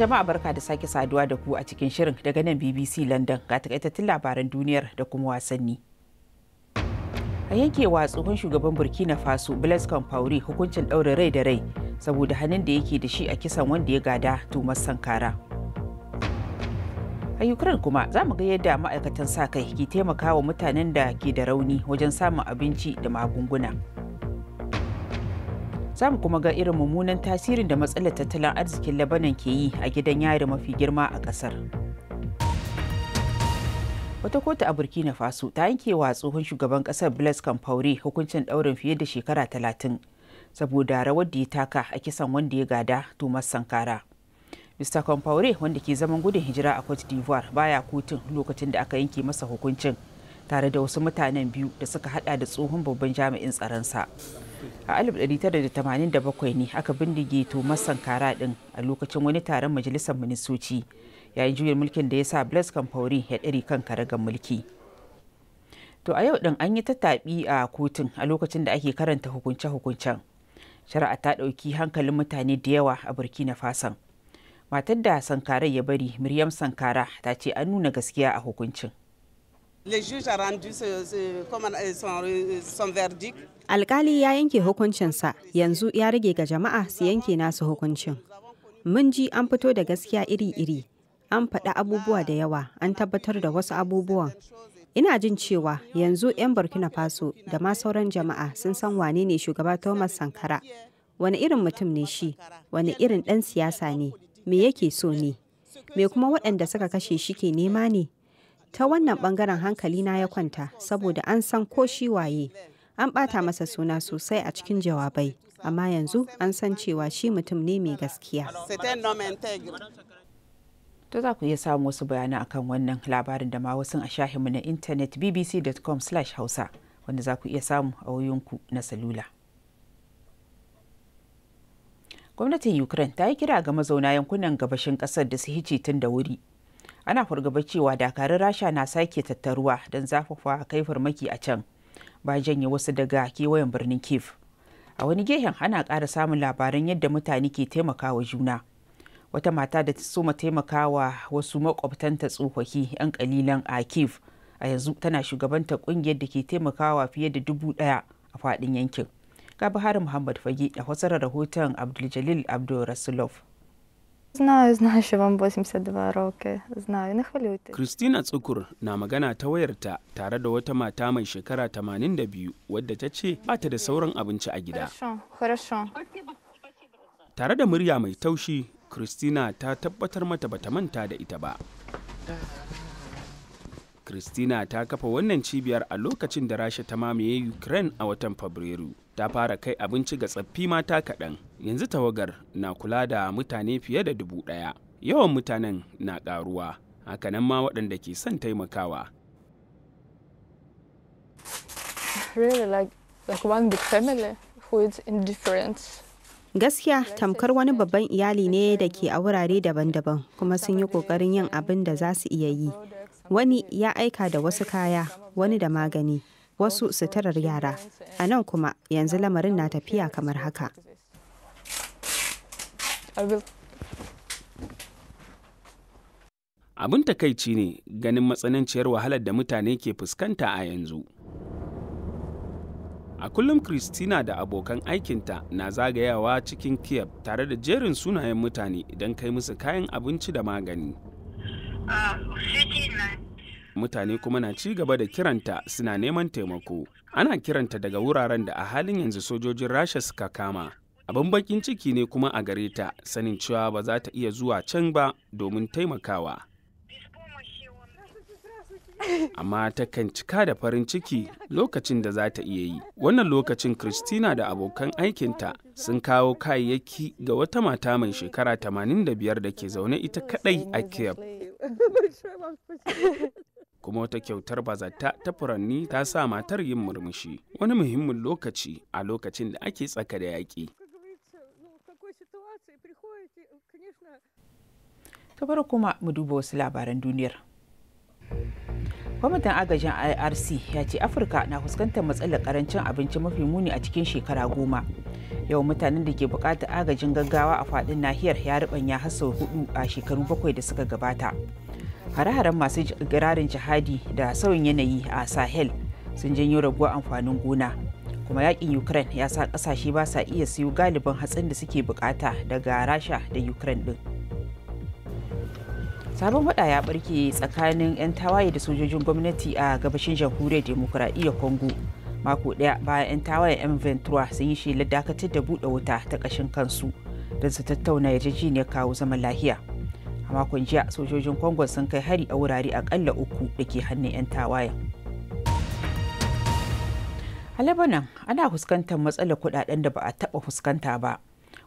jama'a barka da sake saduwa da ku a cikin shirin daga nan bbc london ga takaitattun labaran duniyar da kuma wasanni a yanke wa tsohon shugaban burkina faso blaise compaore hukuncin ɗaure rai da rai saboda hannun da yake da shi a kisan wanda ya gada tumar sankara a ukraine kuma za mu ga yadda ma'aikatan sa kai ke taimakawa mutanen da ke da rauni wajen samun abinci da magunguna za mu kuma ga irin mummunan tasirin da matsalar tattalin arzikin labanan ke yi a gidan yari mafi girma a ƙasar. wata kotu a burkina faso ta yanke wa tsohon shugaban kasar blaise kamfaure hukuncin daurin fiye da shekara talatin saboda rawar da ya taka a kisan wanda ya gada thomas sankara mr kamfaure wanda ke zaman gudun hijira a cote d'ivoire baya kotun lokacin da aka yanke masa hukuncin tare da wasu mutanen biyu da suka hada da tsohon babban jami'in tsaronsa a 1987 ne aka bindige thomas sankara din a lokacin wani taron majalisar ministoci yayin juyin mulkin da ya sa blaise kamfauri ya ɗari kan karagar mulki to a yau ɗin an yi tattaɓi a kotun a lokacin da ake karanta hukunce-hukuncen shari'a ta ɗauki hankalin mutane da yawa a burkina fason matar da sankara ya bari miriam sankara ta ce an nuna gaskiya a hukuncin euh, euh, alkali ya yanke hukuncinsa yanzu ya rage ga jama'a su yanke nasu hukuncin mun ji an fito da gaskiya iri-iri an faɗi abubuwa da yawa an tabbatar da wasu abubuwan ina jin cewa yanzu 'yan burkina faso da ma sauran jama'a sun san wane ne shugaba thomas sankara wani irin mutum ne shi wani irin ɗan siyasa ne me yake so ne me kuma waɗanda suka kashe shi ke nema ne ta wannan ɓangaren hankali na ya kwanta saboda an san ko shi waye an ɓata masa suna sosai a cikin jawabai amma yanzu an san cewa shi mutum ne mai gaskiya To za ku iya samun wasu bayanan akan wannan labarin da ma wasu a shahinmu na intanet bbc.com/hausa wanda za ku iya samu a wayoyinku na salula. Gwamnatin Ukraine ta yi kira ga mazauna yankunan gabashin kasar da su hice tun da wuri. Ana fargaba cewa dakarun Rasha na sake tattaruwa don zafafa kai farmaki a can, ba janye wasu daga kewayen birnin Kiev. a wani gehen ana ƙara samun labaran yadda mutane ke taimakawa juna wata mata da ta soma taimakawa wasu makwabtanta tsofaffi 'yan kalilan a kiev a yanzu tana shugabanta kungiyar da ke taimakawa fiye da dubu daya a fadin yankin ga buhari muhammad fage da fasara rahoton abdul-jalil abdul-rasulov Знаю, знаю, na magana ta wayarta tare da wata mata mai shekara 82 wadda ta ce ba ta da sauran abinci a gida. Tare da murya mai taushi, Christina ta tabbatar mata bata manta da ita ba. Christina ta kafa wannan cibiyar a lokacin da Rasha ta mamaye Ukraine a watan Fabrairu. Ta fara kai abinci ga tsaffi mata kaɗan. Yanzu tawagar na kula da mutane fiye da dubu ɗaya. Yawan mutanen na ƙaruwa, hakanan ma waɗanda ke son taimakawa. Really like, like one big family who is indifferent gaskiya tamkar wani babban iyali ne da ke a wurare daban-daban kuma sun yi kokarin yin abin da za su iya yi wani ya aika da wasu kaya wani da magani wasu suturar yara a nan kuma yanzu lamarin na tafiya kamar haka abin takaici ne ganin matsananciyar wahalar da mutane ke fuskanta a yanzu A kullum Kristina da abokan aikinta na zagayawa cikin Kiev tare da jerin sunayen mutane idan kai musu kayan abinci da magani. Mutane kuma na ci gaba da kiranta suna neman taimako. Ana kiranta daga wuraren da a halin yanzu sojojin Rasha suka kama. Abin bakin ciki ne kuma a gare ta sanin cewa ba za ta iya zuwa can ba domin taimakawa. amma ta kan cika da farin ciki lokacin da za ta iya yi. Wannan lokacin Christina da abokan aikinta sun kawo kayayyaki ga wata mata mai shekara 85 da ke zaune ita kadai a Kiev. kuma wata kyautar bazata ta furanni ta sa matar yin murmushi wani muhimmin lokaci a lokacin da ake tsaka da yaƙi. Ta kuma mu duba wasu labaran duniyar. kwamitin agajin irc ya ce afirka na fuskantar matsalar karancin abinci mafi muni a cikin shekara goma yau mutanen da ke bukatar agajin gaggawa a fadin nahiyar ya rubanya har sau hudu a shekaru bakwai da suka gabata hare-haren masu girarin jihadi da sauyin yanayi a sahel sun janyo raguwar amfanin gona kuma yakin ukraine ya sa kasashe ba sa iya siyo galibin hatsin da suke bukata daga rasha da ukraine din sabon faɗa ya barke tsakanin 'yan tawaye da sojojin gwamnati a gabashin jamhuriyar demokuraɗiyyar congo mako daya bayan 'yan tawaye yan ventura sun yi shelar dakatar da buɗe wuta ta ƙashin kansu don su tattauna yarjejeniyar kawo zaman lahiya a makon jiya sojojin congo sun kai hari a wurare akalla uku da ke hannun 'yan tawaye. a lebanon ana fuskantar matsalar kuɗaɗen da ba a taɓa fuskanta ba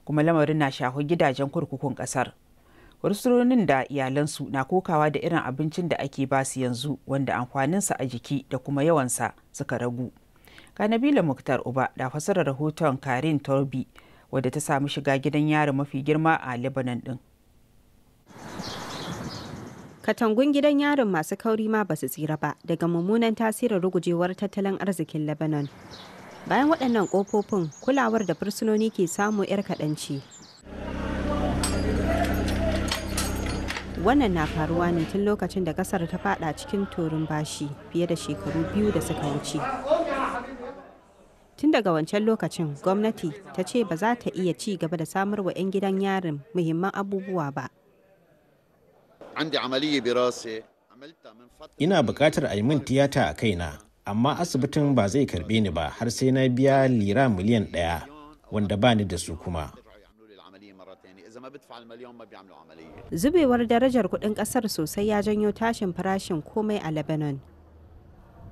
kuma lamarin na shafi gidajen kurkukun ƙasar Rusuronin da iyalansu na kokawa da irin abincin da ake basu yanzu wanda amfaninsa a jiki da kuma yawansa suka ragu. Kanabila Muktar Uba da fasarar rahoton Karin Torbi wadda ta samu shiga gidan yari mafi girma a Lebanon din. Katangun gidan yarin masu kauri ma basu tsira ba daga mummunan tasirin rugujewar tattalin arzikin Lebanon. Bayan waɗannan ƙofofin kulawar da fursunoni ke samu 'yar kaɗanci wannan na faruwa ne tun lokacin da kasar ta fada cikin torin bashi fiye da shekaru biyu da suka wuce tun daga wancan lokacin gwamnati ta ce ba za ta iya ci gaba da samar wa 'yan gidan yarin muhimman abubuwa ba ina bukatar a yi min tiyata a kaina amma asibitin ba zai karbe ni ba har sai na biya lira miliyan ɗaya wanda ba ni da su kuma zubewar darajar kuɗin ƙasar sosai ya janyo tashin farashin komai a lebanon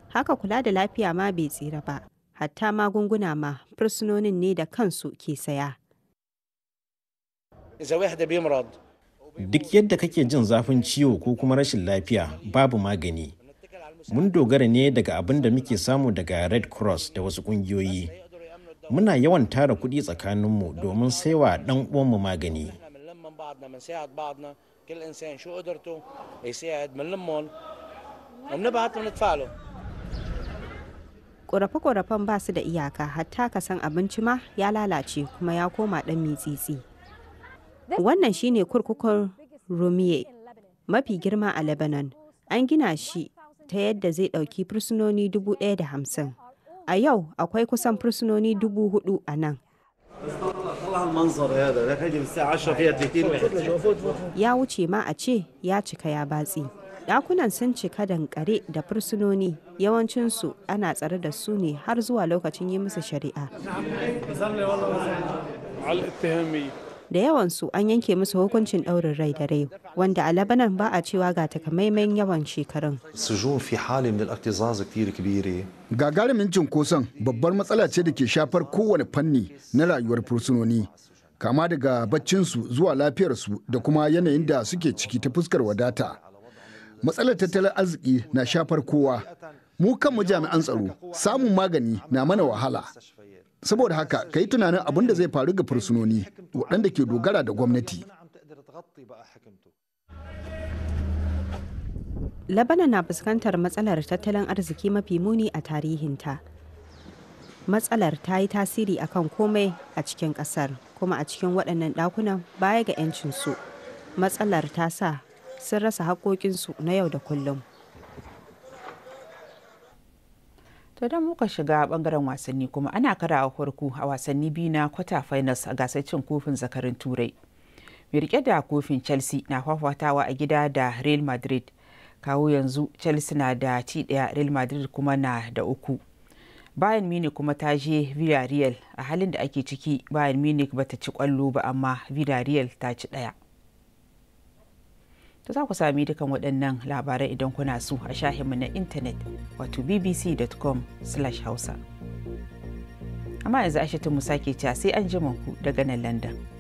haka kula da lafiya ma bai tsira ba hatta magunguna ma fursunonin ne da kansu ke saya duk yadda kake jin zafin ciwo ko kuma rashin lafiya babu magani mun dogara ne daga abin da muke samu daga red cross da wasu kungiyoyi muna yawan tara kuɗi tsakaninmu domin saiwa ɗan uwanmu magani بعضنا بنساعد بعضنا كل انسان شو قدرته يساعد لمون ونتفاعلوا ƙorafe-ƙorafen ba su da iyaka hatta ka san abinci ma ya lalace kuma ya koma ɗan mitsitsi. Wannan shine kurkukun romie mafi girma a Lebanon. An gina shi ta yadda zai ɗauki fursunoni dubu ɗaya da hamsin. A yau akwai kusan fursunoni dubu hudu a nan. ya wuce ma a ce ya cika ya batsi Ɗakunan sun cika dankare da fursunoni yawancinsu ana tsare da su ne har zuwa lokacin yi musu shari'a da yawansu an yanke musu hukuncin daurin rai da rai wanda a labanan ba a cewa ga takamaiman yawan shekarun gagarumin cinkoson babbar matsala ce da ke shafar kowane fanni na rayuwar fursunoni kama daga baccinsu zuwa lafiyarsu da kuma yanayin da suke ciki ta fuskar wadata matsalar tattalin arziki na shafar kowa mu kan kanmu jami'an tsaro samun magani na mana wahala saboda haka ka yi tunanin abin da zai faru ga fursunoni waɗanda ke dogara da gwamnati labana na fuskantar matsalar tattalin arziki mafi muni a tarihinta matsalar ta yi tasiri akan komai a cikin ƙasar kuma a cikin waɗannan ɗakunan baya ga 'yancinsu matsalar ta sa sun rasa haƙoƙinsu na yau da kullum to da muka shiga bangaren wasanni kuma ana kara a farko a wasanni biyu na kwata finals a gasar cin kofin zakarin turai mai rike da kofin chelsea na fafatawa a gida da real madrid kawo yanzu chelsea na da ci daya real madrid kuma na da uku bayan munich kuma ta je villarreal a halin da ake ciki bayan munich bata ci kwallo ba amma villarreal ta ci daya To za ku sami dukan waɗannan labarai idan kuna so a shahinmu na intanet wato bbc.com/hausa. Amma yanzu ashe mu sake cewa sai an ku daga nan London.